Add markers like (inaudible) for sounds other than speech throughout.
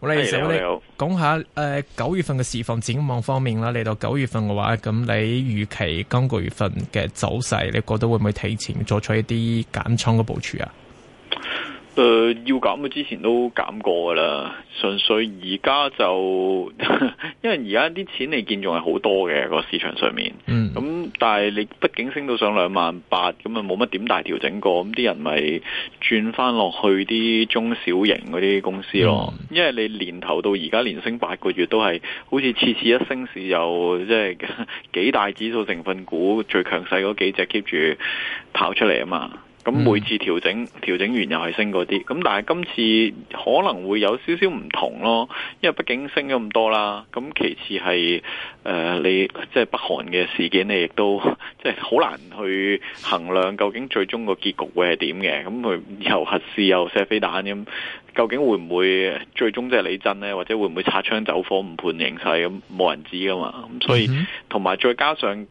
我哋想講下誒好、呃、九月份嘅市況展望方面啦。嚟到九月份嘅話，咁你預期今個月份嘅走勢，你覺得會唔會提前作出一啲減倉嘅部署啊？誒、呃，要減嘅之前都減過噶啦，純粹而家就呵呵，因為而家啲錢你見仲係好多嘅，個市場上面，咁、嗯嗯、但係你畢竟升到上兩萬八，咁啊冇乜點大調整過，咁啲人咪轉翻落去啲中小型嗰啲公司咯，嗯、因為你年頭到而家連升八個月都係，好似次次一升市又即係幾大指數成分股最強勢嗰幾隻 keep 住跑出嚟啊嘛。咁、嗯、每次調整調整完又係升嗰啲，咁但係今次可能會有少少唔同咯，因為畢竟升咗咁多啦。咁其次係誒、呃、你即係北韓嘅事件你亦都即係好難去衡量究竟最終個結局會係點嘅。咁佢又核試又射飛彈咁，究竟會唔會最終即係嚟真呢？或者會唔會擦槍走火唔判形勢咁，冇人知㗎嘛。咁所以同埋、嗯、哼再加上。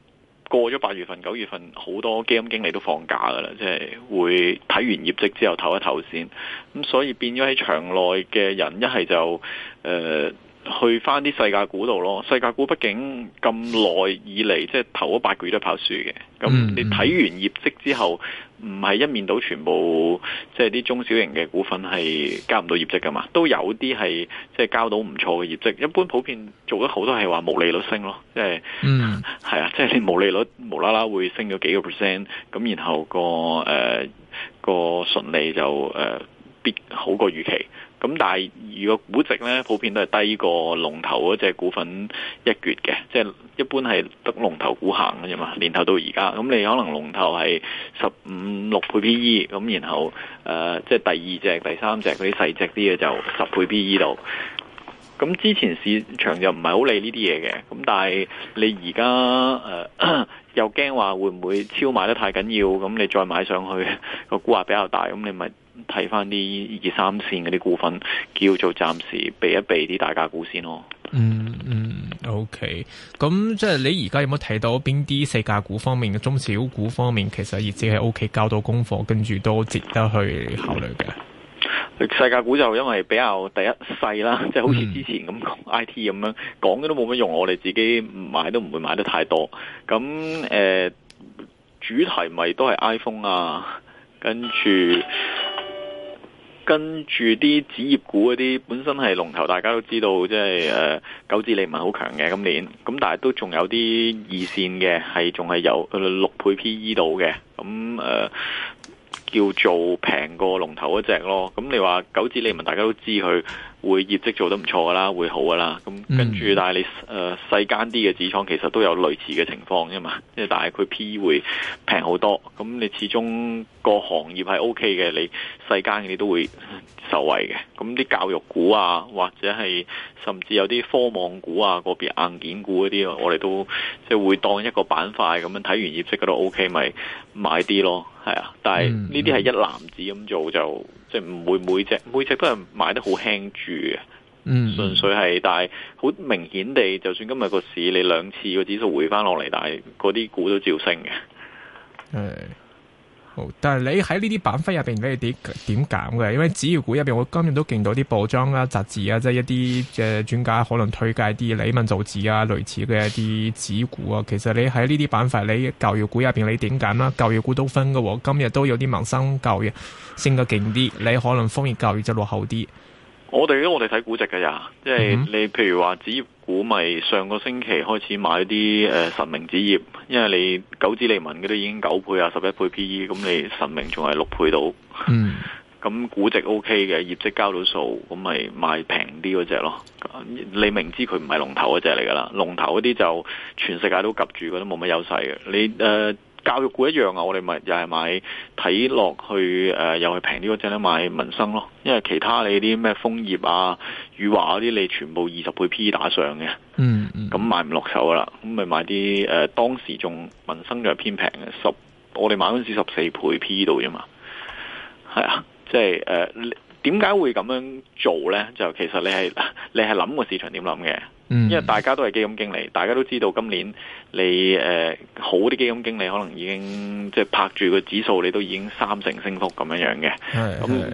過咗八月份、九月份，好多基金經理都放假㗎啦，即係會睇完業績之後唞一唞先，咁所以變咗喺場內嘅人一係就誒、呃去翻啲世界股度咯，世界股畢竟咁耐以嚟，即係頭嗰八個月都跑輸嘅。咁你睇完業績之後，唔係一面倒全部，即係啲中小型嘅股份係交唔到業績㗎嘛？都有啲係即係交到唔錯嘅業績。一般普遍做得好都係話毛利率升咯，即係係、嗯、啊，即係你毛利率無啦啦會升咗幾個 percent，咁然後、嗰個誒個純利就誒、呃、必好過預期。咁但係如果估值呢，普遍都係低過龍頭嗰隻股份一橛嘅，即係一般係得龍頭股行嘅啫嘛。年頭到而家，咁你可能龍頭係十五六倍 P E，咁然後誒、呃、即係第二隻、第三隻嗰啲細隻啲嘅就十倍 P E 度。咁之前市場就唔係好理呢啲嘢嘅，咁但係你而家、呃、又驚話會唔會超買得太緊要？咁你再買上去，個估價比較大，咁你咪。睇翻啲二三線嗰啲股份，叫做暫時避一避啲大價股先咯。嗯嗯，OK。咁即係你而家有冇睇到邊啲細價股方面嘅中小股方面，其實業績係 O K，交到功課，跟住都值得去考慮嘅。嗯、細價股就因為比較第一細啦，即係好似之前咁講 I T 咁樣講嘅、嗯、都冇乜用，我哋自己買都唔會買得太多。咁誒、呃，主題咪都係 iPhone 啊，跟住。跟住啲紙業股嗰啲本身係龍頭，大家都知道，即係誒，玖紙理文唔係好強嘅今年，咁但係都仲有啲二綫嘅，係仲係有六倍 P E 度嘅，咁誒、呃呃，叫做平過龍頭嗰隻咯。咁你話玖紙理文，大家都知佢。會業績做得唔錯㗎啦，會好㗎啦。咁跟住，但係你誒細間啲嘅紙廠其實都有類似嘅情況啫嘛。即係但係佢 PE 會平好多。咁你始終個行業係 OK 嘅，你細間你都會受惠嘅。咁啲教育股啊，或者係甚至有啲科網股啊、個別硬件股嗰啲，我哋都即係會當一個板塊咁樣睇完業績嗰度 OK，咪買啲咯。係啊，但係呢啲係一籃子咁做，就即係唔會每隻每隻都係買得好輕住嘅。純純 (noise) 粹係。但係好明顯地，就算今日個市你兩次個指數回翻落嚟，但係嗰啲股都照升嘅。 (laughs) (noise) 哦、但係你喺呢啲板塊入邊，你點點揀嘅？因為紙業股入邊，我今日都見到啲報章啦，啊、雜誌啊，即係一啲嘅專家可能推介啲理文造紙啊類似嘅一啲紙股啊。其實你喺呢啲板塊，你教育股入邊，你點揀啦？教育股都分嘅，今日都有啲民生教育升得勁啲，你可能楓葉教育就落後啲。我哋咧，我哋睇估值嘅咋，即係你譬如話紙業股，咪上個星期開始買啲誒晨鳴紙業，因為你九紙理文嗰啲已經九倍啊十一倍 PE，咁你晨鳴仲係六倍到，咁、嗯嗯、估值 O K 嘅，業績交到數，咁咪賣平啲嗰隻咯。你明知佢唔係龍頭嗰隻嚟噶啦，龍頭嗰啲就全世界都夾住，佢都冇乜優勢嘅。你誒。呃教育股一樣啊，我哋咪又係買睇落去，誒、呃、又係平啲嗰陣咧買民生咯，因為其他你啲咩楓葉啊、宇華嗰啲，你全部二十倍 P 打上嘅，嗯嗯，咁買唔落手㗎啦，咁咪買啲誒當時仲民生仲係偏平嘅十，10, 我哋買嗰陣時十四倍 P 度啫嘛，係、哎、啊，即係誒。呃點解會咁樣做呢？就其實你係你係諗個市場點諗嘅，嗯、因為大家都係基金經理，大家都知道今年你誒、呃、好啲基金經理可能已經即係、就是、拍住個指數，你都已經三成升幅咁樣樣嘅。咁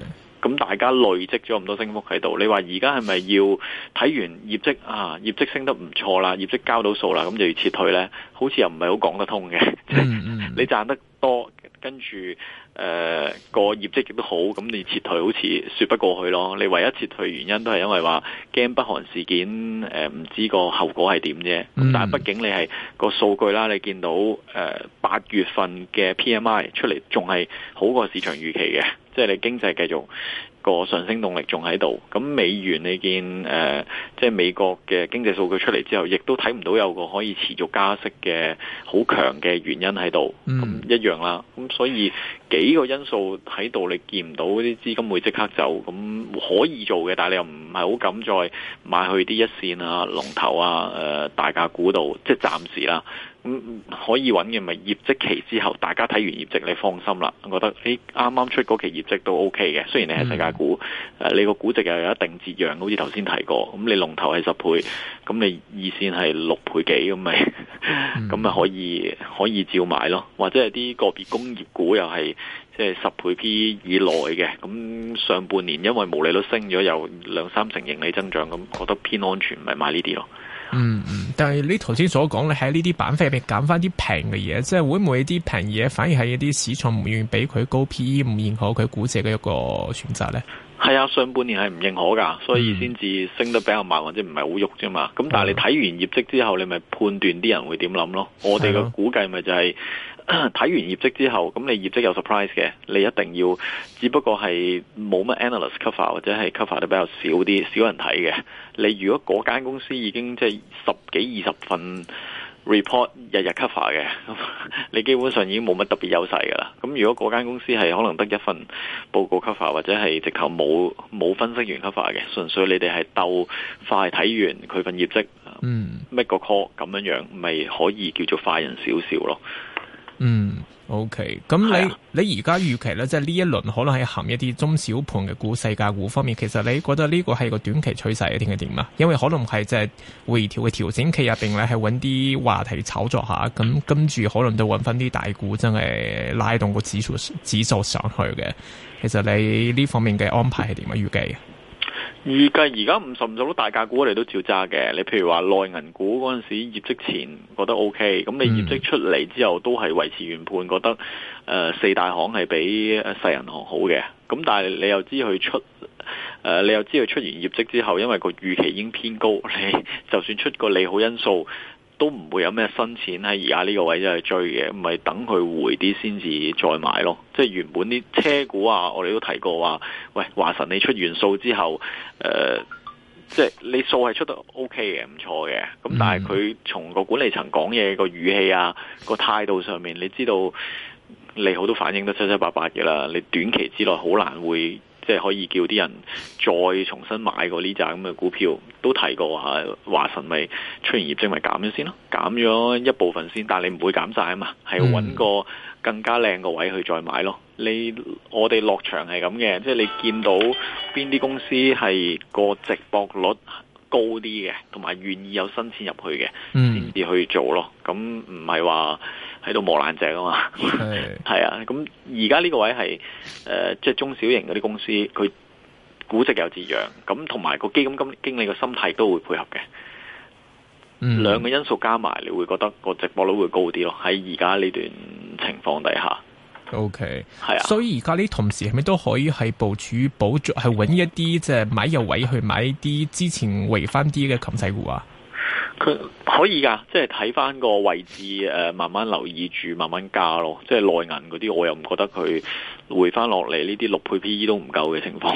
咁大家累積咗咁多升幅喺度，你話而家係咪要睇完業績啊？業績升得唔錯啦，業績交到數啦，咁就要撤退呢？好似又唔係好講得通嘅。嗯嗯、 (laughs) 你賺得多，跟住。誒、呃，個業績亦都好，咁你撤退好似說不過去咯。你唯一撤退原因都係因為話驚北韓事件，誒、呃、唔知個後果係點啫。但係畢竟你係個數據啦，你見到誒、呃、八月份嘅 PMI 出嚟仲係好過市場預期嘅，即係你經濟繼續。個上升動力仲喺度，咁美元你見誒、呃，即係美國嘅經濟數據出嚟之後，亦都睇唔到有個可以持續加息嘅好強嘅原因喺度，咁一樣啦。咁所以幾個因素喺度，你見唔到啲資金會即刻走，咁可以做嘅，但係你又唔係好敢再買去啲一線啊龍頭啊誒、呃、大價股度，即係暫時啦。咁可以揾嘅咪業績期之後，大家睇完業績你放心啦。我覺得誒啱啱出嗰期業績都 OK 嘅，雖然你係世界，股，誒、啊、你個估值又有一定折讓，好似頭先提過。咁你龍頭係十倍，咁你二線係六倍幾咁咪，咁啊 (laughs) 可以可以照買咯。或者係啲個別工業股又係即係十倍 P 以內嘅。咁上半年因為毛利率升咗，有兩三成盈利增長，咁覺得偏安全，咪買呢啲咯。嗯嗯，但係你頭先所講咧，喺呢啲板塊入邊揀翻啲平嘅嘢，即係會唔會啲平嘢反而係一啲市場唔願意俾佢高 PE 唔認可佢估值嘅一個選擇咧？係啊，上半年係唔認可噶，所以先至升得比較慢或者唔係好喐啫嘛。咁但係你睇完業績之後，你咪判斷啲人會點諗咯？我哋嘅估計咪就係、是。睇 (noise) 完業績之後，咁你業績有 surprise 嘅，你一定要。只不過係冇乜 analyst cover 或者係 cover 得比較少啲，少人睇嘅。你如果嗰間公司已經即係十幾二十份 report 日日 cover 嘅， (laughs) 你基本上已經冇乜特別優勢噶啦。咁如果嗰間公司係可能得一份報告 cover 或者係直頭冇冇分析員 cover 嘅，純粹你哋係鬥快睇完佢份業績，嗯、mm.，make 個 call 咁樣樣，咪可以叫做快人少少，少咯。嗯，OK，咁你、哎、呀你而家預期咧，即係呢一輪可能係含一啲中小盤嘅股、細價股方面，其實你覺得呢個係個短期趨勢啊定係點啊？因為可能係即係回調嘅調整期入邊咧，係揾啲話題炒作下。咁跟住可能都揾翻啲大股，真係拉動個指數指數上去嘅。其實你呢方面嘅安排係點啊？預計？預計而家五十五十都大價股，我哋都照揸嘅。你譬如話內銀股嗰陣時業績前覺得 O K，咁你業績出嚟之後都係維持原判，覺得誒、呃、四大行係比世銀行好嘅。咁但係你又知佢出誒、呃，你又知佢出完業績之後，因為個預期已經偏高，你就算出個利好因素。都唔會有咩新錢喺而家呢個位真係追嘅，唔係等佢回啲先至再買咯。即係原本啲車股啊，我哋都提過話，喂華晨，你出完數之後，誒、呃，即係你數係出得 OK 嘅，唔錯嘅。咁但係佢從個管理層講嘢個語氣啊，個態度上面，你知道利好都反映得七七八八嘅啦。你短期之內好難會。即係可以叫啲人再重新買過呢隻咁嘅股票，都提過嚇、啊、華晨咪出現業績咪減咗先咯，減咗一部分先，但係你唔會減曬啊嘛，係搵、嗯、個更加靚個位去再買咯。你我哋落場係咁嘅，即係你見到邊啲公司係個值博率高啲嘅，同埋願意有新錢入去嘅，先至去做咯。咁唔係話。喺度磨爛蓆啊嘛， (laughs) (laughs) 係啊，咁而家呢個位係誒、呃，即係中小型嗰啲公司，佢估值又似樣，咁同埋個基金經理嘅心態都會配合嘅，嗯、兩個因素加埋，你會覺得個值搏率會高啲咯。喺而家呢段情況底下，OK，係啊的，所以而家呢同事係咪都可以係部署補足，係揾一啲即係買入位去買啲之前未翻啲嘅冚仔股啊？佢可以㗎，即係睇返個位置誒、呃，慢慢留意住，慢慢加咯。即係內銀嗰啲，我又唔覺得佢回返落嚟，呢啲六倍 PE 都唔夠嘅情況，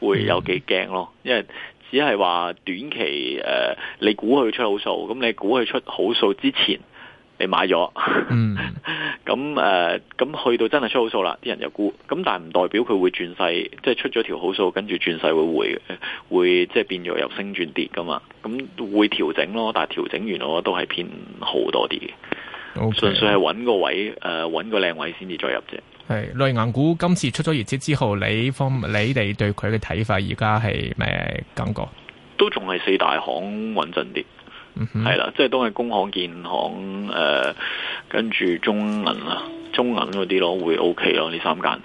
會有幾驚咯。因為只係話短期誒、呃，你估佢出好數，咁你估佢出好數之前。你買咗、嗯， (laughs) 咁、呃、誒，咁去到真係出好數啦，啲人又估，咁但係唔代表佢會轉勢，即係出咗條好數，跟住轉勢會回，會即係變咗由升轉跌噶嘛，咁會調整咯，但係調整完我覺得都係偏好多啲嘅，純 Okay, 粹係揾個位誒，揾、呃、個靚位先至再入啫。係內銀股今次出咗業績之後，你方你哋對佢嘅睇法而家係咩感覺？都仲係四大行穩陣啲。係啦、mm hmm.，即係都係工行、建行誒，跟、呃、住中銀啦，中銀嗰啲咯會 O K 咯，呢、OK、三間。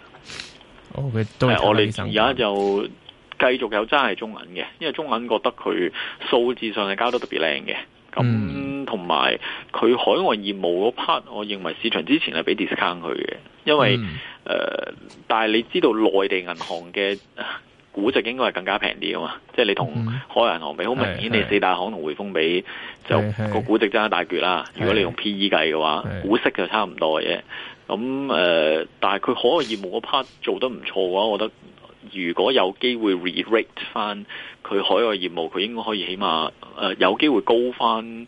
O、oh, K，都係我哋而家就繼續有揸係中銀嘅，因為中銀覺得佢數字上係交得特別靚嘅，咁同埋佢海外業務嗰 part，我認為市場之前係俾 discount 佢嘅，因為誒、mm hmm. 呃，但係你知道內地銀行嘅。估值應該係更加平啲啊嘛，即係你同海外銀行比，好明顯、嗯、你四大行同匯豐比是就是個估值爭一大橛啦。是如果你用 P E 計嘅話，股息是就差唔多嘅。咁誒、呃，但係佢海外業務嗰 part 做得唔錯嘅話，我覺得如果有機會 re-rate 翻佢海外業務，佢應該可以起碼誒、呃、有機會高翻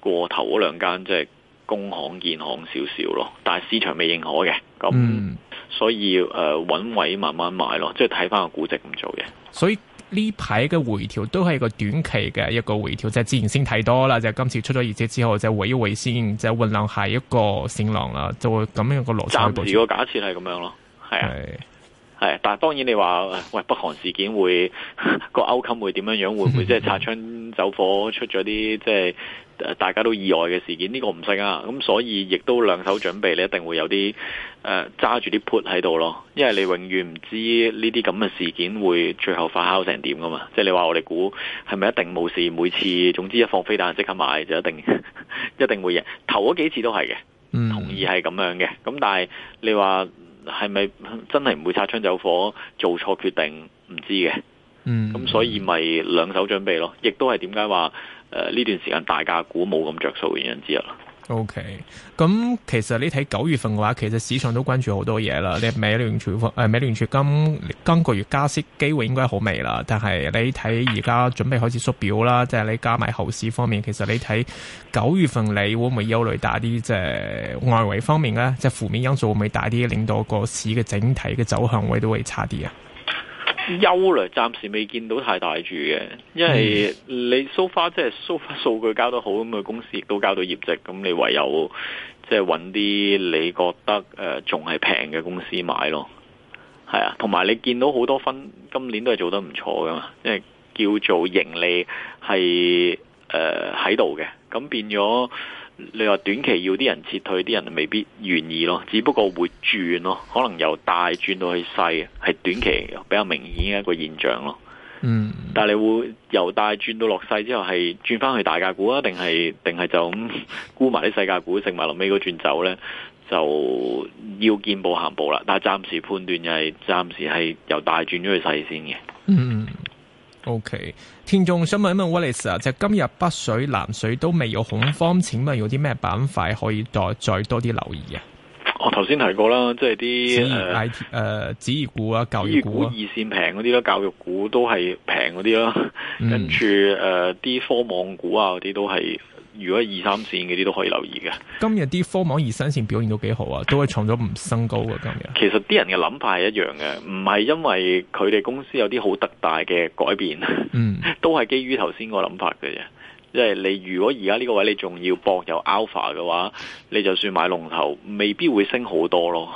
過頭嗰兩間即係工行、建行少少咯。但係市場未認可嘅，咁。嗯所以誒揾、呃、位慢慢買咯，即係睇翻個估值咁做嘅。所以呢排嘅回調都係個短期嘅一個回調，即、就、係、是、自然先睇多啦，就係、是、今次出咗二折之後，就回、是、一回先，就醞、是、釀下一個線浪啦，就會咁樣個邏輯。暫時個假設係咁樣咯，係啊，係是、啊。但係當然你話喂北韓事件會 (laughs) 個歐 outcome 購 (laughs) 會點樣樣？會唔會即係擦槍走火出咗啲即係？大家都意外嘅事件，呢、這個唔識啊，咁、嗯、所以亦都兩手準備，你一定會有啲揸、呃、住啲 put 喺度咯，因為你永遠唔知呢啲咁嘅事件會最後發酵成點噶嘛，即係你話我哋估係咪一定冇事？每次總之一放飛彈即刻買就一定 (laughs) 一定會贏，頭嗰幾次都係嘅，同意係咁樣嘅。咁但係你話，係咪真係唔會擦槍走火、做錯決定？唔知嘅。嗯，咁所以咪兩手準備咯，亦都係點解話誒呢段時間大價股冇咁着數嘅原因之一啦。O K，咁其實你睇九月份嘅話，其實市場都關注好多嘢啦。你美聯儲方誒美聯儲今今個月加息機會應該好微啦。但係你睇而家準備開始縮表啦，即係你加埋後市方面，其實你睇九月份你會唔會憂慮大啲？即係外圍方面咧，即係負面因素會唔會大啲，令到個市嘅整體嘅走向會都會差啲啊。憂慮暫時未見到太大住嘅，因為你 so far 即係 so far 數據交得好咁，個公司亦都交到業績，咁你唯有即係搵啲你覺得誒仲係平嘅公司買咯，係啊，同埋你見到好多分今年都係做得唔錯噶嘛，因為叫做盈利係誒喺度嘅，咁、呃、變咗。你話短期要啲人撤退，啲人未必願意咯，只不過會轉咯，可能由大轉到去細，係短期比較明顯嘅一個現象咯。嗯，但係你會由大轉到落細之後，係轉翻去大價股啊？定係定係就咁沽埋啲世界股，剩埋落尾嗰轉走呢？就要見步行步啦。但係暫時判斷就係暫時係由大轉咗去細先嘅。嗯。O、okay. K，聽眾想問一問 Wallace 啊，就係今日北水、南水都未有恐慌，請問有啲咩板塊可以再再多啲留意啊？我頭先提過啦，即係啲誒誒，意 IT, 呃、股啊，教育股，股二線平嗰啲啦，教育股都係平嗰啲啦，跟住誒啲科網股啊嗰啲都係。如果二三線嗰啲都可以留意嘅，今日啲科網二三線表現都幾好啊，都係創咗唔新高呀，今日。其實啲人嘅諗法係一樣嘅，唔係因為佢哋公司有啲好特大嘅改變，嗯，都係基於頭先個諗法嘅啫。即係你如果而家呢個位你仲要搏有 alpha 嘅話，你就算買龍頭，未必會升好多咯。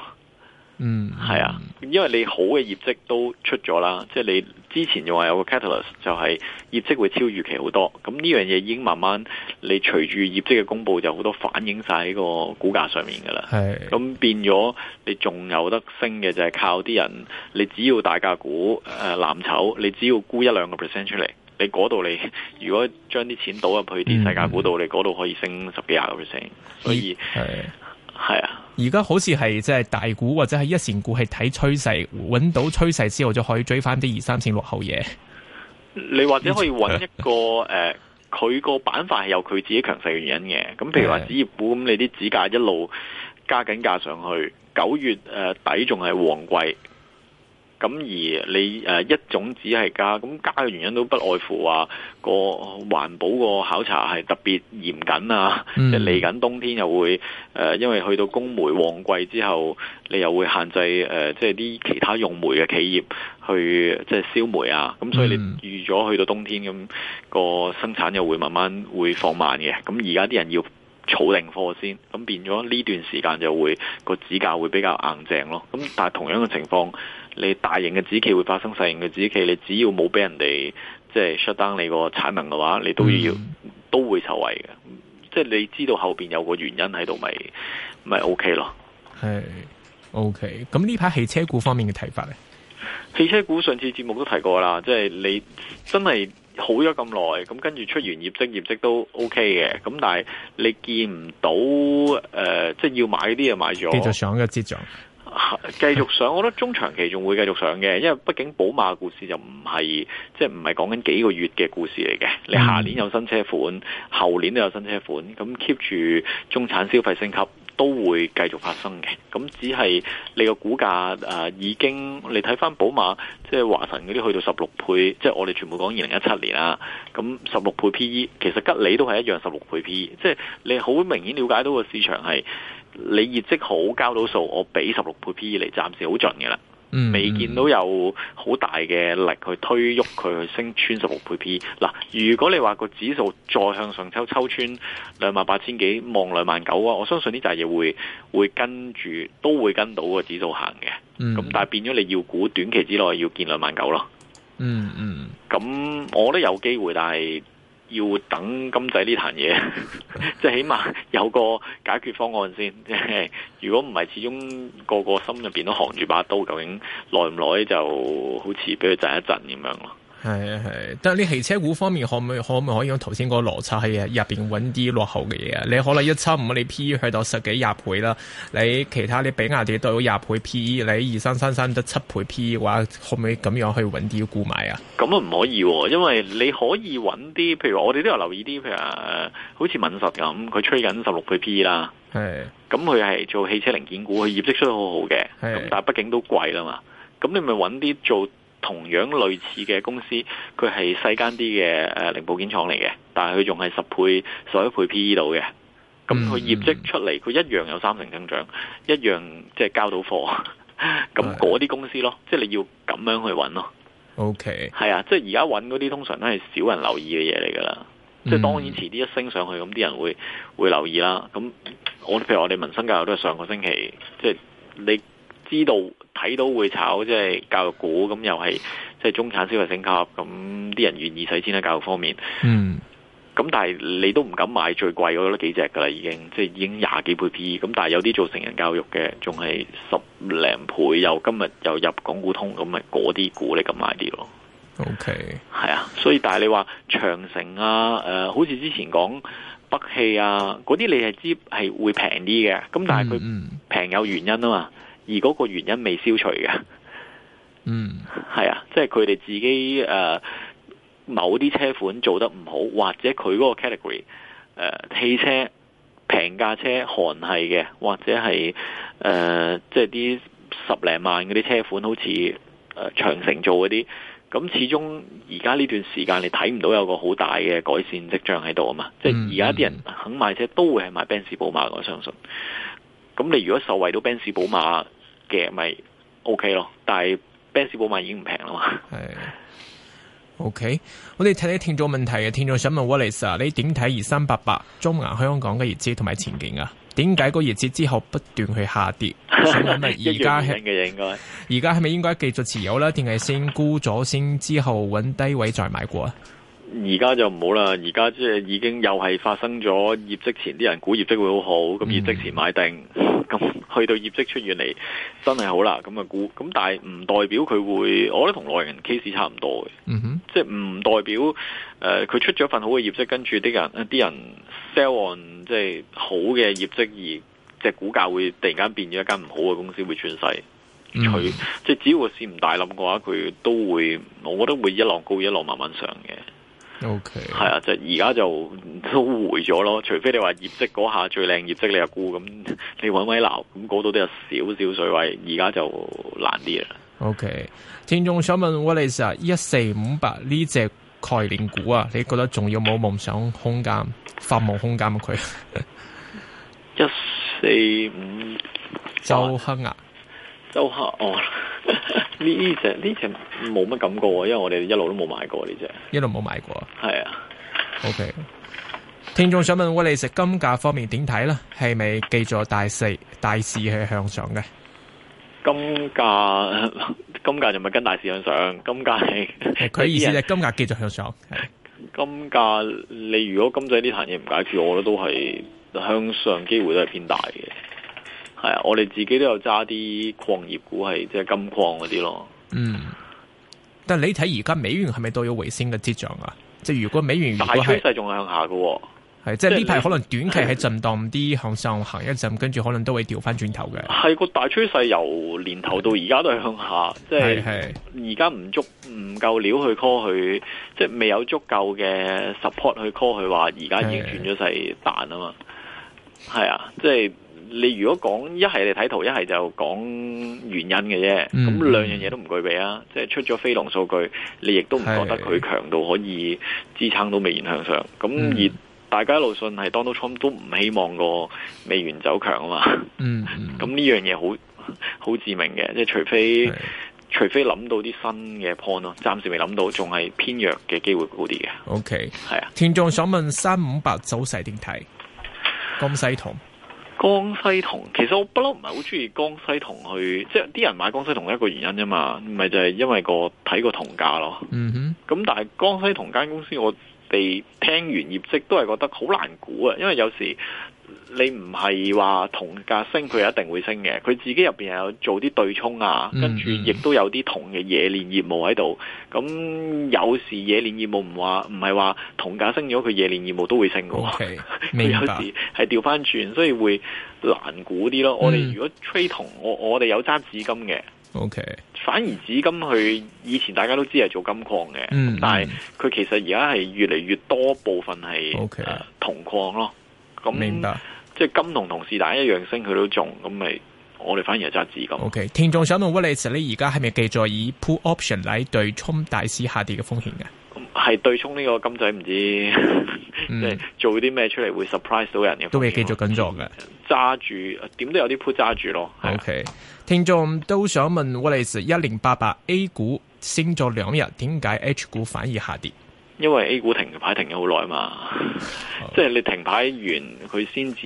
嗯，係、mm hmm. 啊，因為你好嘅業績都出咗啦，即係你之前就話有個 catalyst，就係業績會超預期好多。咁呢樣嘢已經慢慢，你隨住業績嘅公布，就好多反映晒喺個股價上面噶啦。係、mm，咁、hmm. 變咗你仲有得升嘅就係靠啲人，你只要大價股誒、呃、藍籌，你只要沽一兩個 percent 出嚟，你嗰度你如果將啲錢倒入去啲細價股度，你嗰度可以升十幾廿個 percent。Mm hmm. 所以係，係、mm hmm. 係啊。而家好似係即係大股或者係一線股，係睇趨勢，揾到趨勢之後就可以追翻啲二三線落後嘢。你或者可以揾一個誒，佢個板塊係有佢自己強勢嘅原因嘅。咁譬如話，紙業股咁，你啲紙價一路加緊價上去，九月誒底仲係旺季。咁而你誒一種只係加，咁加嘅原因都不外乎話個環保個考察係特別嚴謹啊。嗯、即嚟緊冬天又會誒、呃，因為去到供煤旺季之後，你又會限制誒、呃，即係啲其他用煤嘅企業去即係燒煤啊。咁、嗯、所以你預咗去到冬天咁、個生產又會慢慢會放慢嘅。咁而家啲人要儲定貨先，咁變咗呢段時間就會個指價會比較硬淨咯。咁但係同樣嘅情況，你大型嘅指期會發生細型嘅指期，你只要冇俾人哋即係 shut down 你個產能嘅話，你都要、嗯、都會受惠嘅。即係你知道後邊有個原因喺度，咪咪 OK 咯。係 OK。咁呢排汽車股方面嘅睇法呢？汽車股上次節目都提過啦，即係你真係。好咗咁耐，咁跟住出完業績，業績都 OK 嘅。咁但係你見唔到，誒、呃，即係要買啲就買咗。繼續上嘅節漲，繼、啊、繼續上。我覺得中長期仲會繼續上嘅，因為畢竟寶馬故事就唔係，即係唔係講緊幾個月嘅故事嚟嘅。你下年有新車款，後年都有新車款，咁 keep 住中產消費升級。都會繼續發生嘅，咁只係你個股價誒、呃、已經，你睇翻寶馬即係華晨嗰啲去到十六倍，即係我哋全部講二零一七年啦，咁十六倍 P E，其實吉利都係一樣十六倍 P E，即係你好明顯了解到個市場係你業績好交到數，我俾十六倍 P E 嚟暫時好盡嘅啦。Mm hmm. 未見到有好大嘅力去推喐佢去升穿十六倍 P。嗱，如果你話個指數再向上抽抽穿兩萬八千幾，望兩萬九啊，我相信啲雜嘢會會跟住都會跟到個指數行嘅。咁、mm hmm. 但係變咗你要估短期之內要見兩萬九咯。嗯嗯、mm，咁、hmm. 我都有機會，但係。要等金仔呢壇嘢，即 (laughs) 係起碼有個解決方案先。 (laughs) 如果唔係，始終個個心入邊都含住把刀，究竟耐唔耐就好似俾佢震一震咁樣咯。係啊係，但係你汽車股方面可唔可唔可，可以用頭先嗰個邏輯喺入邊揾啲落後嘅嘢啊？你可能一七五，你 P E 去到十幾廿倍啦。你其他你比亞迪都有廿倍 P E，你二三三三得七倍 P E 嘅話，可唔可以咁樣去揾啲股買啊？咁啊唔可以，啊，因為你可以揾啲，譬如我哋都有留意啲，譬如好似敏實咁，佢吹緊十六倍 P E 啦。係，咁佢係做汽車零件股，佢業績出得好好嘅，咁但係畢竟都貴啦嘛。咁你咪揾啲做？同樣類似嘅公司，佢係細間啲嘅誒零部件廠嚟嘅，但係佢仲係十倍、十一倍 P E 度嘅，咁佢業績出嚟，佢、嗯、一樣有三成增長，一樣即係、就是、交到貨，咁嗰啲公司咯，嗯、即係你要咁樣去揾咯。O K，係啊，即係而家揾嗰啲通常都係少人留意嘅嘢嚟㗎啦，嗯、即係當然遲啲一升上去，咁啲人會會留意啦。咁我譬如我哋民生教育都係上個星期，即係你。知道睇到會炒，即係教育股，咁又係即係中產消費升級，咁啲人願意使錢喺教育方面。嗯，咁但係你都唔敢買最貴嗰幾隻噶啦，已經即係已經廿幾倍 P。咁但係有啲做成人教育嘅，仲係十零倍又。又今日又入港股通，咁咪嗰啲股你敢買啲咯。O K，係啊。所以但係你話長城啊，誒、呃，好似之前講北汽啊，嗰啲你係知係會平啲嘅。咁但係佢平有原因啊嘛。嗯嗯而嗰個原因未消除嘅，嗯，係啊，即係佢哋自己誒、呃、某啲車款做得唔好，或者佢嗰個 category 誒、呃、汽車平價車韓系嘅，或者係誒、呃、即係啲十零萬嗰啲車款，好似誒長城做嗰啲，咁始終而家呢段時間你睇唔到有個好大嘅改善跡象喺度啊嘛，嗯、即係而家啲人肯買車都會係買 Benz、寶馬，我相信。咁你如果受惠到 Benz、寶馬，嘅咪 OK 咯，但係 Benjamin 已經唔平啦嘛。係 (noise) OK，我哋睇睇聽眾問題嘅聽眾想問 Wallace，你點睇二三八八中銀香港嘅業績同埋前景啊？點解個業績之後不斷去下跌？想係咪而家係咪應該而家係咪應該繼續持有啦？定係先沽咗先之後揾低位再買過啊？而家就唔好啦，而家即係已經又係發生咗業績前啲人估業績會好好，咁業績前買定，咁、mm hmm. 去到業績出完嚟真係好啦，咁啊估，咁但係唔代表佢會，我覺得同內人 case 差唔多嘅，哼、mm，hmm. 即係唔代表誒佢、呃、出咗份好嘅業績，跟住啲人啲、呃、人 sell on 即係好嘅業績而隻股價會突然間變咗一間唔好嘅公司會轉細，佢、mm hmm. 即係只要個市唔大冧嘅話，佢都會，我覺得會一浪高一浪慢慢上嘅。O K，係啊，就而家就都回咗咯。除非你話業績嗰下最靚業績你阿估咁，你搵位鬧咁嗰度都有少少水位，而家就難啲啦。O、okay. K，聽眾想問 What is 啊一四五八呢隻概念股啊？你覺得仲有冇夢想空間、發夢空間啊佢？一四五周黑鴨， (laughs) 5, 啊周黑、啊、哦。 (laughs) 呢呢隻呢隻冇乜感覺，因為我哋一路都冇買過呢隻，一路冇買過。係啊，OK。聽眾想問：我哋食金價方面點睇咧？係咪記咗大市大市係向上嘅？金價金價就咪跟大市向上？金價佢 (laughs) 意思係金價繼續向上？金價你如果金仔呢壇嘢唔解決，我覺得都係向上，機會都係偏大嘅。係啊，我哋自己都有揸啲礦業股，係即係金礦嗰啲咯。嗯，但你睇而家美元係咪都有回升嘅跡象啊？即係如果美元嘅大趨勢仲向下嘅，係即係呢排可能短期喺震盪啲向上行一陣，跟住可能都會調翻轉頭嘅。係個大趨勢由年頭到而家都係向下，的即係而家唔足唔夠料去 call 佢，即係未有足夠嘅 support 去 call 佢，話而家已經轉咗勢彈啊嘛。係啊，即係。你如果講一係你睇圖，一係就講原因嘅啫。咁兩樣嘢都唔具備啊！即係出咗非農數據，你亦都唔覺得佢強度可以支撐到美元向上。咁而大家一路信係 Donald Trump 都唔希望個美元走強啊嘛。咁呢樣嘢好好致命嘅，即係除非除非諗到啲新嘅 point 咯，暫時未諗到，仲係偏弱嘅機會高啲嘅。O K，係啊。聽眾想問三五八走勢點睇？江西銅。江西銅，其實我不嬲唔係好中意江西銅去，即係啲人買江西銅一個原因啫嘛，唔係就係因為個睇個銅價咯。嗯哼，咁但係江西銅間公司我哋聽完業績都係覺得好難估啊，因為有時。你唔係話銅價升，佢一定會升嘅。佢自己入邊有做啲對沖啊，跟住亦都有啲銅嘅冶煉業務喺度。咁有時冶煉業務唔話唔係話銅價升咗，佢冶煉業務都會升嘅。明白，佢有時係調翻轉，所以會難估啲咯。Mm hmm. 我哋如果吹銅，我我哋有揸紫金嘅。O Okay . K，反而紫金佢以前大家都知係做金礦嘅，mm hmm. 但係佢其實而家係越嚟越多部分係銅礦咯。明白，即係金融同是但一樣升，佢都中，咁咪我哋反而揸字咁。O、okay, K，聽眾想問 Wallace 你而家係咪繼續以 put option 嚟對沖大市下跌嘅風險嘅？係對沖呢個金仔，唔知即係做啲咩出嚟會 surprise 到人嘅？都未繼續緊做嘅，揸住，點都有啲 put 揸住咯。啊、o、okay, K，聽眾都想問 Wallace 一零八八 A 股升咗兩日，點解 H 股反而下跌？因為 A 股停牌停咗好耐嘛，oh. 即係你停牌完佢先至，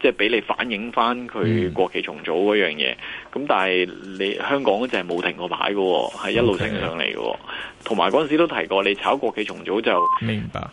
即係俾你反映翻佢國企重組嗰樣嘢。咁、mm. 但係你香港就係冇停過牌嘅，係一路升上嚟嘅。同埋嗰陣時都提過，你炒國企重組就明白。